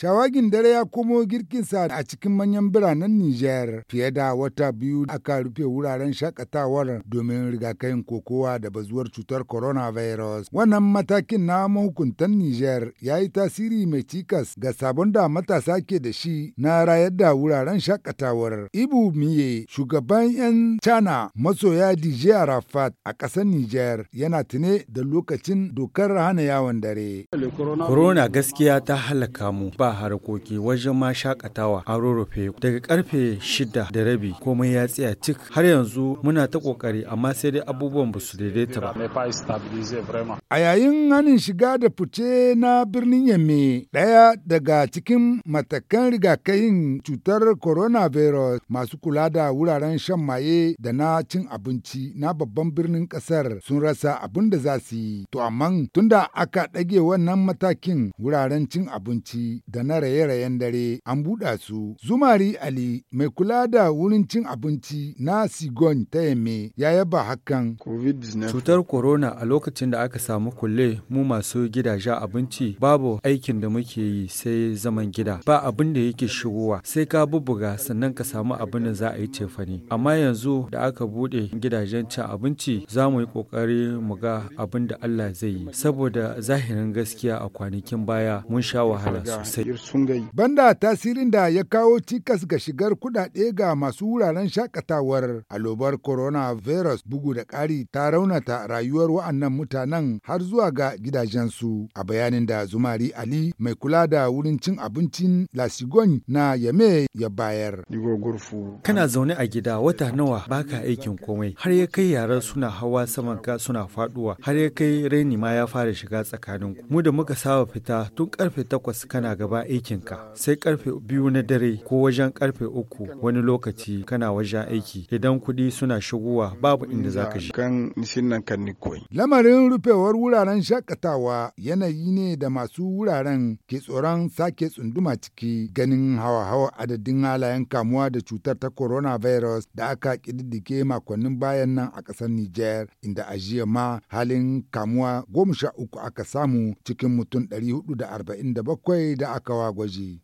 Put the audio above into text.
Shawagin dare ya komo girkinsa a cikin manyan biranen Nijar fiye da wata biyu aka rufe wuraren shakatawar domin rigakain kokowa da bazuwar cutar coronavirus. Wannan matakin na mahukuntan Nijar ya yi tasiri mai cikas ga sabon da matasa ke da shi na rayar da wuraren shakatawar. Ibu Miye, shugaban 'yan Chana masoya DJ Arafat a ƙasar Nijar yana tune da lokacin dokar hana yawon dare. Corona gaskiya ta halaka mu ba harkoki wajen ma shakatawa a rurrufe daga karfe shida da rabi komai ya tsaya cik har yanzu muna ta kokari amma sai dai abubuwan ba su daidaita ba. A yayin hanin shiga da fice na birnin Yamme daya daga cikin matakan rigakafin cutar coronavirus masu kula da wuraren shan maye da na cin abinci na babban birnin kasar sun rasa abin da za su yi. To amma tunda aka ɗage wannan matakin wuraren cin abinci da da na raye-rayen dare an buɗa su. Zumari Ali mai kula da wurin cin abinci na Sigon ta Yemme ya yaba hakan. Cutar corona a lokacin da aka samu kulle mu masu gidaje abinci babu aikin da muke yi sai zaman gida ba abin da yake shigowa sai ka bubuga sannan ka samu abin da za a yi cefane. Amma yanzu da aka buɗe gidajen cin abinci za mu yi ƙoƙari mu ga abin da Allah zai yi saboda zahirin gaskiya a kwanakin baya mun sha wahala sosai. Banda tasirin da ya kawo cikas ga shigar kuɗaɗe ga masu wuraren shakatawar alobar coronavirus bugu da ƙari ta raunata rayuwar wa'annan mutanen har zuwa ga gidajensu. A bayanin da Zumari Ali mai kula da wurin cin abincin Lasigon na Yame ya bayar. Kana zaune a gida wata nawa baka aikin komai har ya kai yaran suna hawa saman ka suna faduwa har ya kai raini ma ya fara shiga tsakaninku. Mu da muka saba fita tun karfe takwas kana gaba gaba aikinka sai karfe biyu na dare ko wajen karfe uku wani lokaci kana wajen aiki idan kuɗi suna shigowa babu inda za ka shi. Lamarin rufewar wuraren shakatawa yanayi ne da masu wuraren ke tsoron sake tsunduma ciki ganin hawa-hawa adadin halayen kamuwa da cutar ta coronavirus da aka ƙididdike makonnin bayan nan a ƙasar niger inda a jiya ma halin kamuwa goma sha uku aka samu cikin mutum 447 da aka Nicaragua, j'ai